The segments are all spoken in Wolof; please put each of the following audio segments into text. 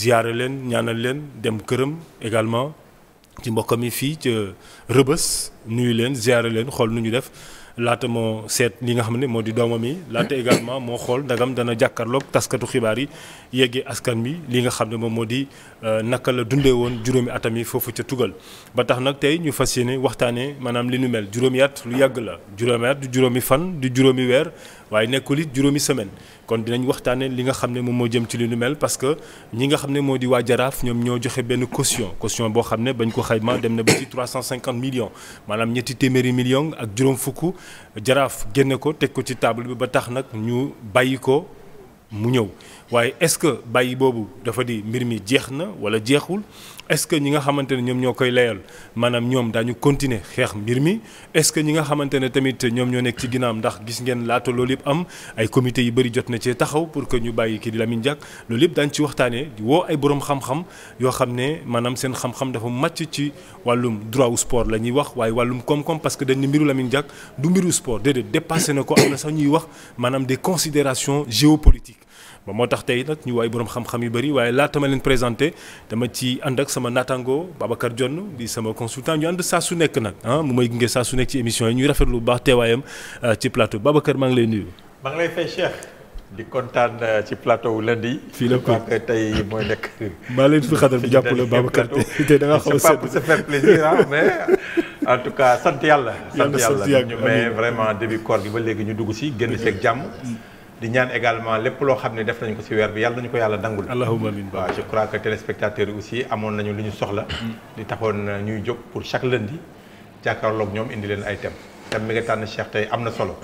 ziyaare leen ñaanal leen dem këram également ci mbokkam mi fii ca Rëbës nuyu leen ziyaare leen xool nu ñu def laata moo seet li nga xam ne moo di doomam yi laata également moo xool ndagam dana jàkkaarloog taskatu xibaar yi yeggee askan bi li nga xam ne moom moo di Euh, naka la dundee woon juróomi atam yi foofu ca tugal ba tax nag tey ñu fas yéene waxtaanee maanaam li nu mel juróomi at lu yàgg la juróomi at du juróomi fan du juróomi weer waaye nekkul it juróomi semaine kon dinañ waxtaanee li nga xam ne moom moo jëm ci li nu mel parce que ñi nga xam ne moo di waa jaraaf ñoom ñoo joxe benn caution caution boo xam ne bañ ko xayma dem na ba ci 350 millions maanaam ñetti téeméeri million ak juróom fukk jaraaf génne ko teg ko ci table bi ba tax nag ñu bàyyi ko mu ñëw waaye est-ce que bàyyi boobu dafa di mbir mi jeex na wala jeexul est-ce que ñi nga xamante ne ñoom ñoo koy layal maanaam ñoom daañu continuer xeex mbir mi est-ce que ñi nga xamante ne tamit ñoom ñoo nekk ci ginnaam ndax gis ngeen laata loolu yëpp am ay comité yu bëri jot na cee taxaw pour que ñu bàyyi kii di Lamine Diack loolu yëpp daañu ci waxtaanee di woo ay borom xam-xam yoo xam ne maanaam seen xam-xam dafa màcc ci wàllum droit wu sport la ñuy wax waaye wàllum koom-koom parce que dañ ne mbiru Lamine Diack du mbiru sport déedéet dépassé na ko am sax ñuy wax maanaam des considérations géopolitiques ba moo tax tey nag ñu waay borom xam-xam yu bëri waaye laata ma leen présenté dama ci ànd ak sama naataango Babacar jonn di sama consultant ñu ànd saa su nekk nag ah mu may gunge saa su nekk ci émission yi ñuy rafet lu baax teewaayam ah, ci plateau Babacar maa ngi lay nuyu. maa ngi lay fay Cheikh. di kontaan ah, ci plateau lundi. fii la tey mooy nekk. maa leen fi xatal jàppale Babacar tey da nga xaw a c'est pas ah, tout cas sant yàlla. sant yàlla ñu mais vraiment début koor gi ba léegi ñu dugg si génn seeg jàmm. di ñaan également lépp loo xam ne def nañ ko ci weer bi yàlla nañu ko yàlla dangul allahumma je crois que téléspectateurs yi amoon nañu lu ñu soxla mm. di taxoon ñuy jóg pour chaque lundi jàkkaarloog ñoom indi leen ay thèmes thème nga tànn Cheikh tey am na solo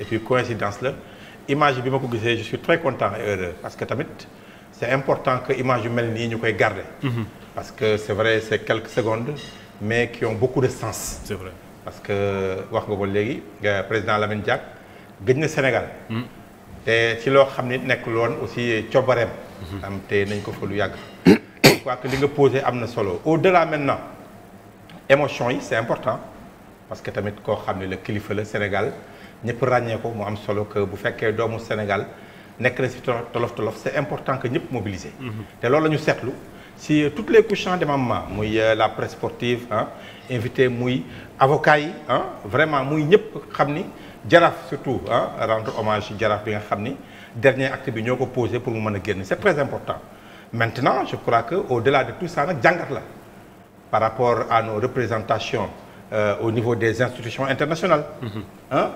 et puis la image bi ma ko gisee je suis très content et parce que tamit c'est important que image yu mel nii ñu koy garder mm-hmm. parce que c'est vrai c'est quelques secondes mais qui ont beaucoup de sens parce que euh, te si loo xam ne nekkul woon aussi cobareem mhm. am te nañ ko fa lu yàgg je crois que li nga posé am na solo au delà maintenant émotion yi c'est important parce que tamit koo xam ne la kilifa la Sénégal ñëpp ràññee ko mu am solo que bu fekkee doomu Sénégal nekk na si tolof tolof c'est important que ñëpp mobiliser mhm. te loolu la ñu seetlu si euh, toutes les couches de maman muy euh, la presse sportive ah invité muy avocat yi ah vraiment muy ñëpp xam ni jaraaf surtout ah rendre hommage jaraaf bi nga xam ni dernier acte bi ñoo ko posé pour mu mën a génn c'est très important maintenant je crois que au-delà de tout ça nag jàngat la par rapport à nos représentations euh, au niveau des institutions internationales mm-hmm. hein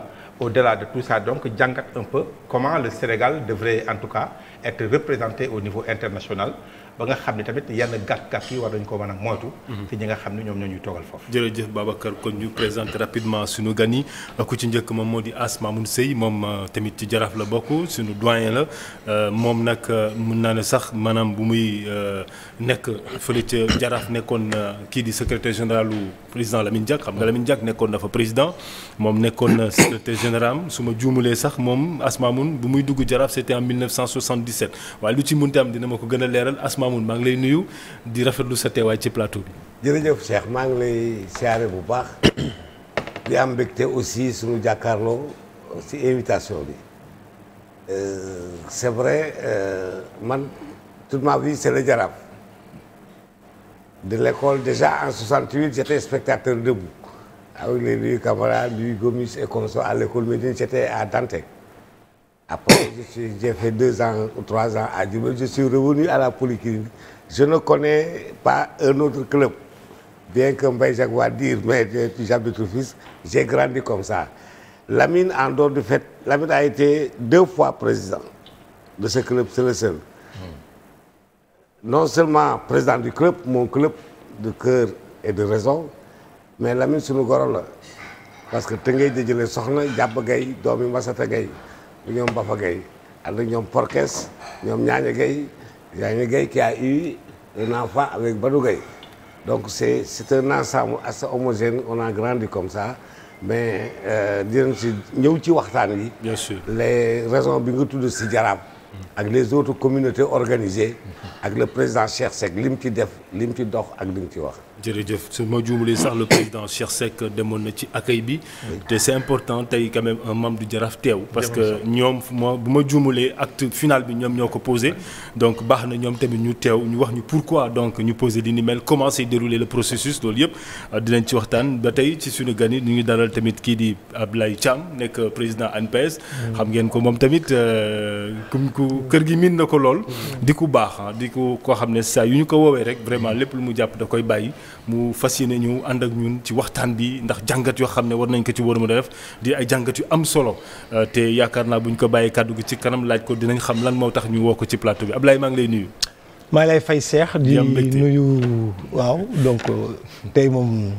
au-delà de tout ça donc jàngat un peu comment le Sénégal devrait en tout cas être représenté au niveau international ba nga xam ne tamit yenn gàtt-gàtt war nañ ko mën a moytu mhm. ci ñi nga xam ne ñoom ñoo ñuy toogal foofu jërëjëf Babacar kon ñu présenter rapidement suñu gan yi ku ci njëkk moom moo di As Mamoun Sey moom euh, tamit ci jaraaf la bokk suñu doyen la euh, moom nag euh, mun naa ne sax maanaam bu muy nekk fële ca jaraaf nekkoon kii di secrétaire général lu président Lamine Diack xam nga Lamine Diack nekkoon dafa président moom nekkoon secrétaire général su ma juumulee sax moom As Mamoun bu muy dugg jaraaf c'était en 1977 waaye lu ci munti am dina ma ko gën a leeral Asma Mamoun maa ngi lay nuyu di rafetlu sa teewaay ci plateau bi. jërëjëf Cheikh maa ngi lay siyaare bu baax di am mbégte aussi suñu jàkkaarloo ci invitation bi euh, c'est vrai euh, man toute ma vie c'est le jaraaf de l'école déjà en 68 j'étais spectateur debout avec ah les vieux camarades Louis Gomis et consorts à l'école Médine j'étais à Dantec Après, j'ai fait deux ans ou trois ans à Djibouti. Je suis revenu à la polyclinique. Je ne connais pas un autre club. Bien que Mbaye Jacques va dire, mais tu es de tout fils, j'ai grandi comme ça. Lamine, en dehors du fait, Lamine a été deux fois président de ce club, c'est le seul. Mm. Non seulement président du club, mon club de cœur et de raison, mais Lamine, c'est le Parce que Tengue, Djele Sokhna, Diab Gay, Domi Massata Gay. ñoom Bafa Gueye ànd ñoom Porkes ñoom Ñaaña Gueye Ñaaña Gueye qui a eu un enfant avec Badou Gueye donc c'est c'est un ensemble assez homogène on a grandi comme ça mais euh, dinañ si ñëw ci waxtaan wi. bien sûr les bi nga tudd si jaraam ak les autres communauté organisées. ak le président Cheikh sec li mu ci def li mu ci dox ak li mu ci wax. jërëjëf su ma juumalee sax le président Cheikh Seck demoon na ci accueil bi te c'est important tey quand même un membre du Jaraaf teew parce que ñoom moo bu ma juumalee acte final bi ñoom ñoo ko posé donc baax na ñoom tamit ñu teew ñu wax ñu pourquoi donc ñu posé li ni mel comment s'est la processus loolu yëpp euh, dinañ ci waxtaan ba tey ci suñu gan yi ñu ngi dalal tamit kii di ab Ablaye Thiam nekk président ANPEJ xam ngeen ko moom tamit euh, kum ku kër gi miin na ko lool di ku baax di ku koo xam ne saa yu ñu ko woowee rek vraiment lépp lu mu jàpp da koy bàyyi mu fas ne ñu ànd ak ñun ci waxtaan bi ndax jàngat yoo xam ne war nañ ko ci war a def di ay jàngat yu am solo euh, te yaakaar naa bu ñu ko bàyyi kàddu gi ci kanam laaj ko dinañ xam lan moo tax ñu woo ko ci plateau bi Ablaye maa ngi lay nuyu. maa ngi lay fay seex di nuyu waaw donc euh, tey moom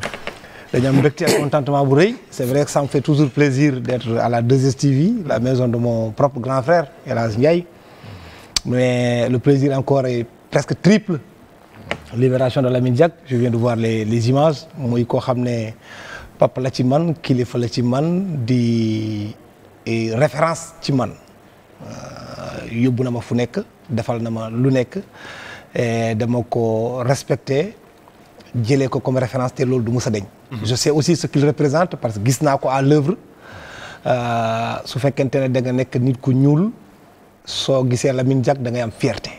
dañu am mbégte ak contentement bu rëy c'est vrai que ça fait toujours plaisir d'être à la 2STV la maison de mon propre grand frère El Hadj Ndiaye mais le plaisir encore est presque libération de Lamine Diack je viens de voir les images muy koo xam ne papa la ci man kilifa la ci man di référence ci man euh, yóbbu na ma fu nekk defal na ma lu nekk dama ko respecté jëlee ko comme référence te loolu du musa deñ mhm. je sais aussi ce qu'il représente parce que gis naa ko à l'œuvre euh, su fekkente ne danga nekk nit ku ñuul soo gisee Lamine Diack da ngay am fierté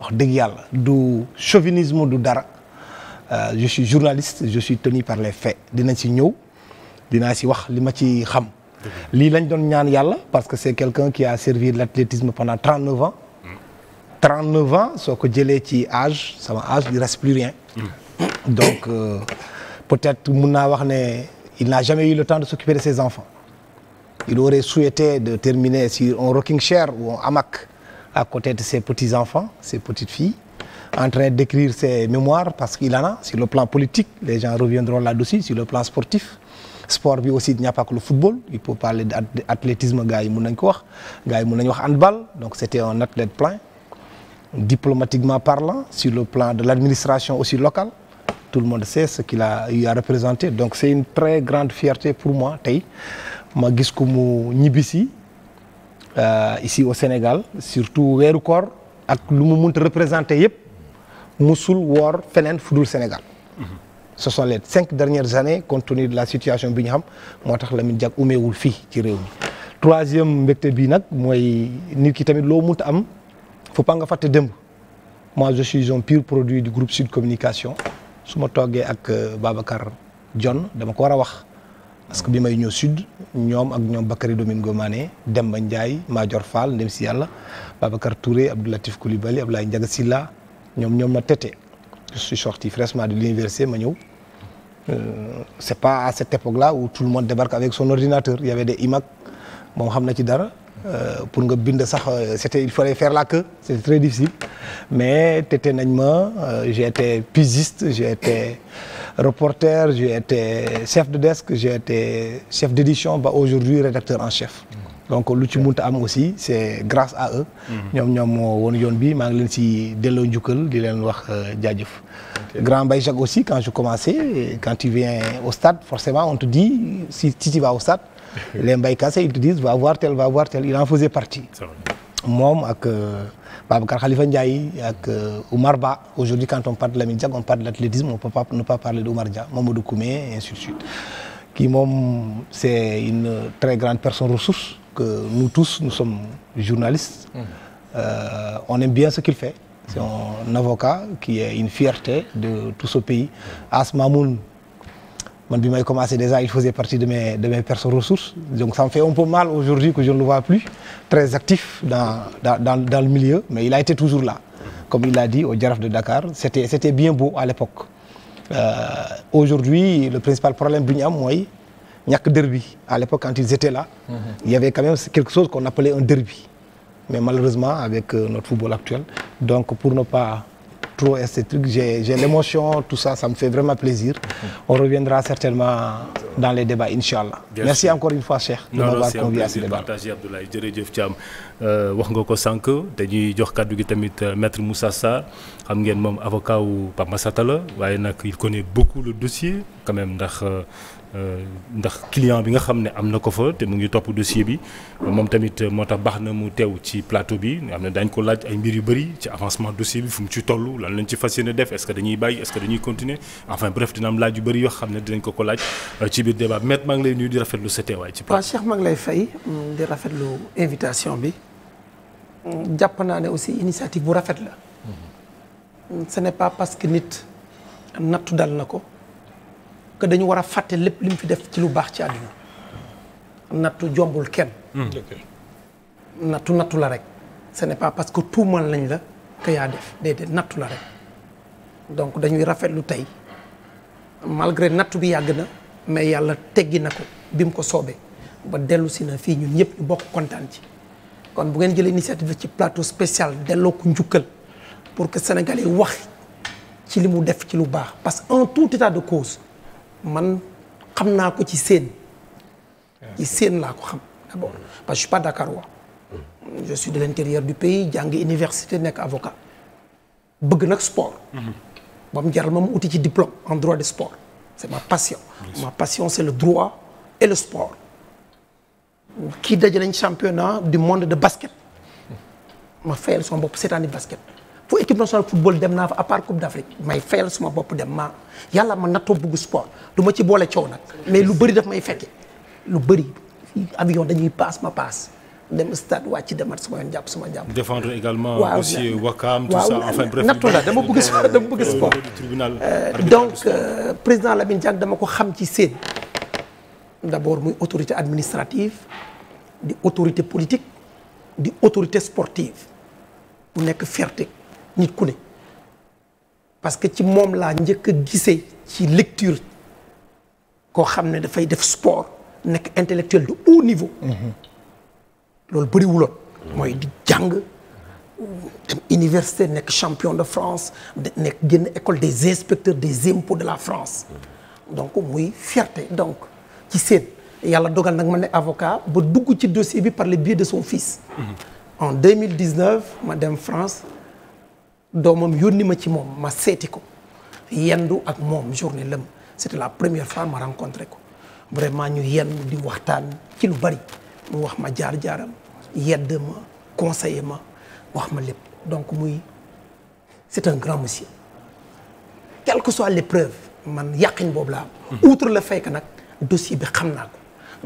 wax dëgg yàlla du chauvinisme du dara euh, je suis journaliste je suis tenu par les faits dina ci ñëw dinaa si wax li ma ci xam. lii lañ doon ñaan yàlla parce que c'est quelqu'un qui a servi l'athlétisme pendant 39 ans. 39 ans soo ko jëlee ci âge sama âge il reste plus rien. donc euh, peut-être mun naa wax ne il n'a jamais eu le temps de s'occuper de ses enfants. il aurait souhaité de terminer sur un rocking chair ou un hamac. à côté de ses petits-enfants, ses petites filles, en train d'écrire ses mémoires parce qu'il en a. Sur le plan politique, les gens reviendront là-dessus, sur le plan sportif. sport bi aussi il n'y a pas que le football il faut parler d'athlétisme gars yi mun nañ ko wax gars yi mun nañu wax handball donc c'était un athlète plein diplomatiquement parlant sur le plan de l'administration aussi locale tout le monde sait ce qu'il a eu à représenter donc c'est une très grande fierté pour moi tey ma gis ko mu ñibbisi Euh, ici au Sénégal surtout weeru koor ak lu mu mënta représenté yëpp musul woor feneen fudul Sénégal. Mhm. ce sont cinq dernières année compte de la situation bi ñu xam moo tax la Lamine Diack umeewul fii ci réew mi. troisième mbégte bii nag mooy nit ki tamit loo mënta am faut pas nga fàtte démb moi je suis un pur produit du groupe Sud Communication su ma toogee ak euh, Babacar John dama ko war a wax. parce que bi may ñëw sud ñoom ak ñoom Bakary Domingo Mané Demba Ndiaye Madior Fall ndem si yàlla Babacar Touré Abdoulatif Coulibaly Abdoulaye si la ñoom ñoom ma tete je suis sorti fraîchement de l'université ma ñëw euh, c'est pas à cette époque-là où tout le monde débarque avec son ordinateur il y avait des moom xam na ci dara euh, pour nga bind sax euh, c'était il fallait faire la queue c'était très difficile mais tete nañ ma j'étais pigiste j'étais reporter, j'ai été chef de desk, j'ai été chef d'édition, ba aujourd'hui rédacteur en chef. donc lu ci munta am aussi c'est grâce à eux. ñoom ñoom moo woon yoon bi maa ngi leen si delloo njukkal di leen wax euh, jaajëf. Grand Baye Jacques aussi quand je commençais quand tu viens au stade forcément on te di si si tu vas au stade. les Mbaye Kassé ils te disent va voir tel va voir tel il en faisait partie. moom ak. Euh, Babacar Khalifa Ndiaye ak euh, Oumar Ba aujourd'hui quand on parle de Lamine Diack on parle de l'athlétisme on peut pas ne pas parler de Oumar Dia Mamadou de suite kii moom c'est une très grande personne ressource que nous tous nous sommes journalistes mmh. euh, on aime bien ce qu'il fait c'est mmh. un avocat qui est une fierté de tout ce pays Asmamoun man bi may commencé déjà il faisait partie de mes de mes perso ressources donc ça fait un peu mal aujourd'hui que je ne le vois plus très actif dans le milieu il a été toujours là comme il l'a dit au Jaraaf de Dakar c'était c'était bien beau à l'époque euh, aujourd'hui le principal problème bi ñu am derby à l'époque quand ils étaient là mhm. il y avait quelque chose qu'on appelait un derby malheureusement avec euh, notre football actuel donc pour ne pas trop esthétique. J'ai l'émotion, tout ça, ça me fait vraiment plaisir. Mhm. On reviendra certainement dans les débats, Inch'Allah. Merci encore une fois, Cheikh, de m'avoir convié à ce débat. partagé Abdoulaye jërëjëf Thiam euh, wax nga ko sànq dañuy jox kàddu gi tamit euh, maître Moussa Sarr xam ngeen moom avocat wu Pape Massata la waaye nag il connaît beaucoup le dossier quand ndax. Euh, Euh, ndax client bi nga xam ne am na ko fa te mu ngi topp dossier bi moom tamit euh, moo tax baax na mu teew ci plateau bi nga xam ne dañ ko laaj ay mbir yu bëri ci avancement dossier bi fu mu ci toll lan lañ ci fas yéene def est-ce que dañuy bàyyi est-ce que dañuy continuer enfin bref dina am laaj yu yoo xam ne dinañ ko ko laaj euh, ci biir débat bi maître maa ngi lay nuyu di rafetlu sa teewaay ci plateau. waaw Cheikh maa mm, invitation bi mm, jàpp naa ne aussi initiative bu rafet la. Mm-hmm. Mm, ce n'est pas parce que nit nattu dal na ko. que dañu war a fàtte lépp li mu fi def ci lu baax ci àdduna nattu jombul kenn hmm. nattu nattu la rek ce n'est pas parce que tout tuumal nañ la que yaa def déedéet nattu la rek donc dañuy rafetlu tey malgré nattu bi yàgg na mais yàlla teggi na ko bi mu ko soobee ba dellusi na fii ñu ñëpp ñu bokk kontaan ci kon bu ngeen jëlee initiative ci plateau spécial delloo ko njukkal pour que sénégalais wax ci li mu def ci lu baax parce que en tout état de cause man xam naa ko ci seen ci seen laa ko xam d'abord mm. parce que je suis pas dakarois mm. je suis de l'intérieur du pays jàng université nekk avocat bëgg nag sport mm-hmm. ba jaral ma mu uti ci diplôme en droit de sport c'est ma passion ma passion c'est le droit et le sport kii dajaleñ championnat du monde de basket ma fayal sama bopp seetaani basket équipe nationale football dem naa fa à part Coupe d'Afrique may fayal suma bopp dem ma yàlla ma nattoo bugg sport du ma ci boole coow nag mais lu bëri daf may fekke lu bëri avion dañuy paas ma paas dem stade wàcc demat suma yoon jàpp suma jàpp. défendre également aussi Wakam tout ça enfin bref. nattu la dama bëgg sport dama bëgg sport. Euh, donc euh, président Lamine Diack dama ko xam ci seen d'abord muy autorité administrative di autorité politique di autorité sportive bu nekk fierté nit ku ne parce que ci moom laa njëkk a gisee ci lecture koo xam ne dafay def sport nekk intellectuel de haut niveau mm-hmm. loolu bëriwuloon mooy di jàng dem université nekk champion de France nekk génn école des inspecteurs des impôts de la France mm-hmm. donc muy fierté donc ci seen yàlla dogal nag ma ne avocat ba dugg ci dossier bi par le biais de son fils mm-hmm. en 2019 ma dem France doomam yónni ma ci moom ma seeti ko yendu ak moom journée lëm c'était la première fois ma rencontré ko vraiment ñu yenn di waxtaan ci lu bari mu wax ma jaar-jaaram yedd ma conseiller ma wax ma lépp donc muy c'est un grand monsieur quelle que soit l'épreuve man yàqin boobu laa am outre le nag dossier bi xam naa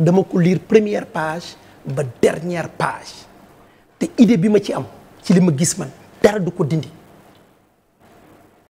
ko ko lire première page ba dernière page te idée bi ma ci am ci li ma gis man dara du ko dindi